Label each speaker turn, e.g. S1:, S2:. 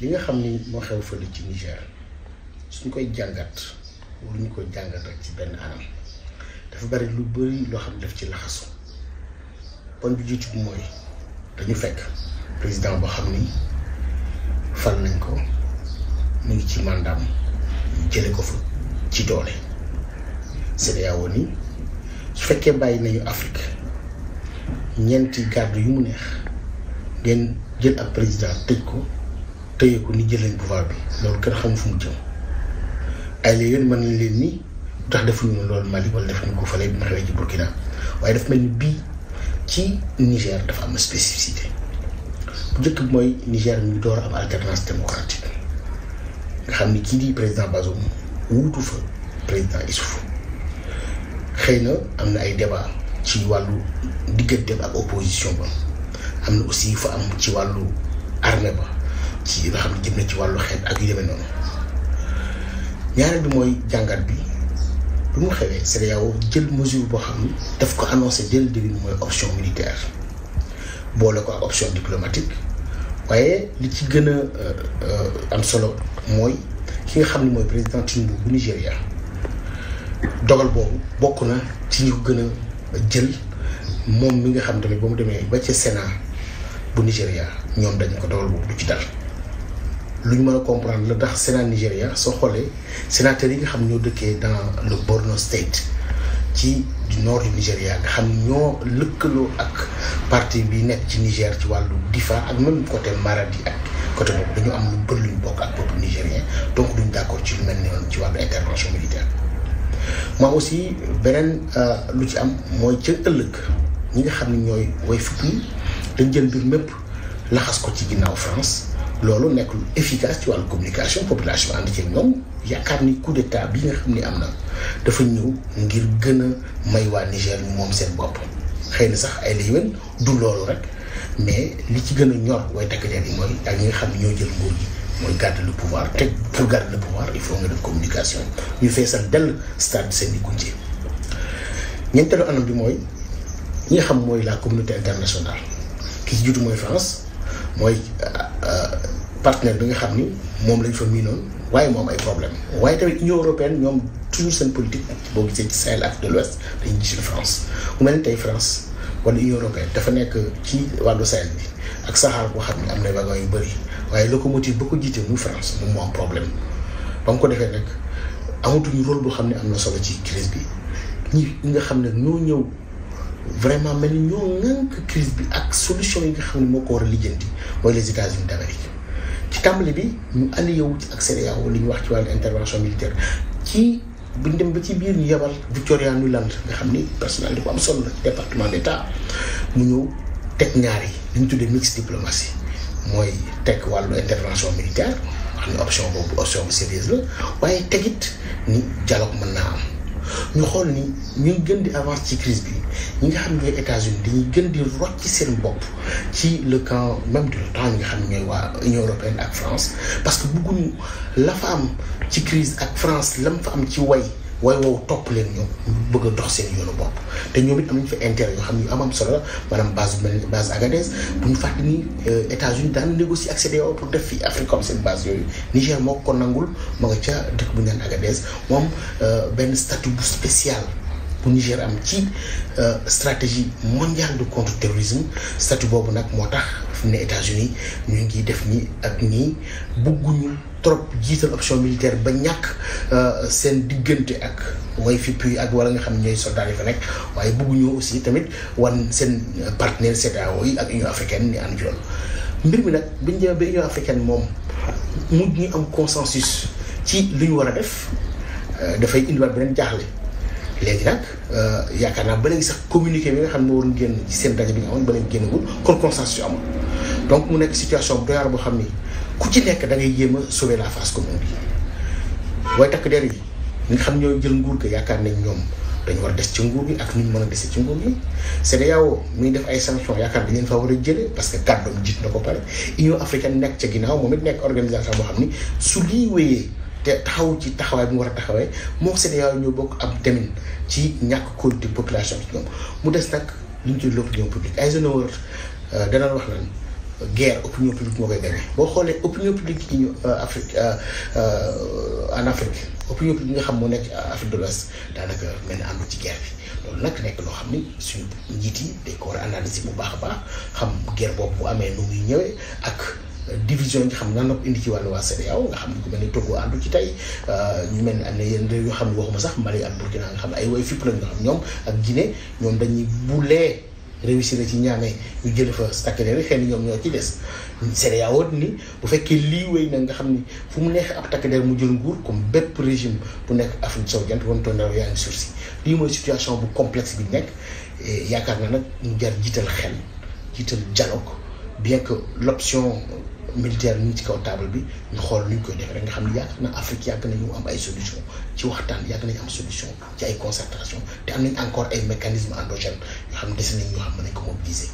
S1: li nga xam ni moo xew fële ci Niger suñ koy jàngat wala ñu koy jàngat rek ci benn anam dafa bari lu bari loo xam ne daf ci laxasu poñ bi jiitu bi mooy dañu fekk président boo xam ni fal nañ ko mu ngi ci mandaam ñu jële ko fa ci doole CEDEAO ni su fekkee bàyyi nañu Afrique ñeenti garde yi mu neex ngeen jël ak président tëj ko tëye ko ni jëlee pouvoir bi loolu kenn xamul fu mu jëm ay la yéen mën nañ leen ni tax defuñu ma loolu Mali def defuñu ko fële bi mu xewee ci Burkina waaye dafa mel ni bii ci Niger dafa am na spécificité bu njëkk bi mooy Niger mi door am alternance démocratique nga xam ni kii di président Bazoum wuutu fa président Issoufou xëy na am na ay débat ci wàllu digganteem ak opposition ba am na aussi fu am ci wàllu armée ba. ci yi nga xam ne jëm na ci wàllu xeet ak yu demee noonu ñaareel bi mooy jàngat bi bi mu xewee CEDEAO jël mesure boo xam ne daf ko annoncé dès di début mooy option militaire boole ko ak option diplomatique waaye li ci gën a euh, am solo mooy ki nga xam ne mooy président Tinubu bu Nigéria dogal boobu bokk na ci ñu gën a jël moom mi nga xam tamit ba mu demee ba ca Sénat bu Nigéria ñoom dañ ko dogal boobu du ci dal lu ñu mën a comprendre la ndax Sénat Nigéria soo xoolee sénateurs yi nga xam ñoo dëkkee dans le Borno State ci du nord du nga xam ñoo lëkkaloo ak parti bi nekk ci Niger ci wàllu Difa ak même côté Maradi ak côté boobu dañu am lu bëri luñ bokk ak peuple nigérien donc duñ d'accord ci lu mel noonu ci wàllu intervention militaire. moi aussi beneen euh, lu ci am mooy ca ëllëg ñi nga xam ne ñooy way fukk ñi jël mbir mépp laxas ko ci ginnaaw France. loolu nekk lu efficace ci wàllu communication population ànd ci ñoom yaakaar ni coup d'état bi nga xam ni am na dafa ñëw ngir gën a may waa Niger moom seen bopp xëy na sax ay léewen du loolu rek mais li ci gën a ñor way takk der yi mooy ak ñi xam ñoo jël nguur gi mooy garder le pouvoir te pour garder le pouvoir il faut nga def communication ñu feesal dell stade seen di gunje ñeenteelu anam bi mooy ñi nga xam mooy la communauté internationale ki ci jiitu mooy mooy euh, euh, partenaire bi nga xam ni moom lañ fa miinoon waaye moom ay problème waaye tamit Union européenne ñoom toujours seen politique boo gisee ci Sahel ak de l'Ouest dañuy gisul France mu mel ni tey France wala Union européenne dafa nekk ci wàllu Sahel bi ak saxaar boo xam am na wagon yu bëri waaye locomotive ba ko jiitee muy France moom moo am problème ba ko defee nag amatuñu rôle boo xam ne am na solo ci crise bi ñi nga xam ne ñoo ñëw vraiment mel ni ñoo ŋànk bi ak solution yi xam ne moo ko a lijjanti mooy les États-Unis ci tàmbali bi ñu allié wu ci ak CEDEAO li ñu wax ci wàllu intervention militaire ci buñ dem ba ci biir ñu yebal Victoria Nuland nga xam ni personnel di ko am solo la département d'État mu ñëw teg ñaar yi li ñu tuddee mixte diplomatie mooy teg wàllu intervention militaire wax ni option boobu option bu sérieuse la waaye tegit ni dialogue mën naa am ñu xool ni ñu ngi gën di avance ci crise bi ñi nga xam ne États-Unis dañuy gën di rocc seen bopp ci le camp même du temps nga xam ne ñooy waa Union européenne ak France parce que bëgguñu la fa am ci crise ak France lam fa am ci way way wow topp leen ñoom bëgg a dox seen yoonu bopp te ñoom it am nañ fa intérêt yoo xam ne yu am am solo la maanaam base base Agadez bu ñu fàtte ni euh, États-Unis daan négocier ak CEDEAO pour def fii Afrique comme seen base yooyu Niger moo ko nangul ma nga ca dëkk bu ñu naan Agadez moom euh, benn statut bu bu Niger am ci euh, stratégie mondiale de contre-terrorisme statut boobu nag moo tax fu mu ne États-Unis ñu ngi def nii ak nii bëgguñu trop jiital option militaire ba ñàkk euh, seen diggante ak way fipp yi ak wala nga xam ne ñooy soldats yi fa nekk waaye bëgguñoo aussi tamit wan seen partenaire CEDEAO yi ak Union africaine ni ànd ci loolu mbir mi nag biñ demee ba Union africaine moom mu ñu am consensus ci li war a def euh, dafay indiwaat beneen jaaxle. léegi nag euh, yaakaar naa ba sax communiqué bi nga xam ne waroon génn ci seen daje bi nga amoon ba léegi génnagul kon consensus amul donc mu nekk situation bu boo xam ni ku ci nekk da ngay jéem a sauver la face commune bi waaye takk der nga xam ñooy jël nguur ga yaakaar nañ ñoom dañu war a des ci nguur gi ak nu ñu mën a dese ci nguur gi CEDEAO muy def ay sanctions yaakaar dañ leen fa war a jëlee parce que gàddoom jiit na ko pare Union africaine nekk ca ginnaaw moom it nekk organisation moo xam ni su lii wéyee te taxaw ci taxawaay bi mu war a taxawaay moom CEDEAO ñoo bokk am demin ci ñàkk kóolute population bi ñoom mu des nag lu ñu ci l'opinion publique Eisenhower danañ wax lan guerre opinion publique moo koy gañe boo xoolee opinion publique yi euh, Afrique euh, euh, en Afrique opinion publique nga xam moo nekk Afrique de l'Ouest daanaka mel ni na àndu ci guerre bi loolu nag nekk loo xam ni suñu njiit yi dañ ko war a analyser bu baax a baax xam guerre boobu bu amee nu muy ñëwee ak division yi xam lan la indi ci wàllu waa CEDEAO nga xam ne ku mel ni Togo àndu ci tey euh, ñu mel ni am na yenn réew yoo xam ne waxuma sax Mali ak Burkina nga xam ne ay way fipp lañ nga xam ñoom ak Guinée ñoom dañuy bulee réussir na ci ñaamee ñu jël fa stakkale rek xëy na ñoo ci des CEDEAO ni bu fekkee lii wéy na nga xam ne fu mu neex ab takk der mu jël nguur comme bépp régime bu nekk Afrique sowu-jant won tondaw yaa ngi sursi lii mooy situation bu complexe bi nekk yaakaar na nag mu jar jiital xel jiital dialogue bien que l'option militaire ñu ngi ci kaw table bi ñu xool nu ñu koy def rek nga xam ne yaakaar naa Afrique yàgg nañu am ay solution ci waxtaan yàgg nañu am solution ci ay concertation te am nañ encore ay mécanismes endogènes yoo xam ne des nañ ñoo xam ne nañ ko mobiliser.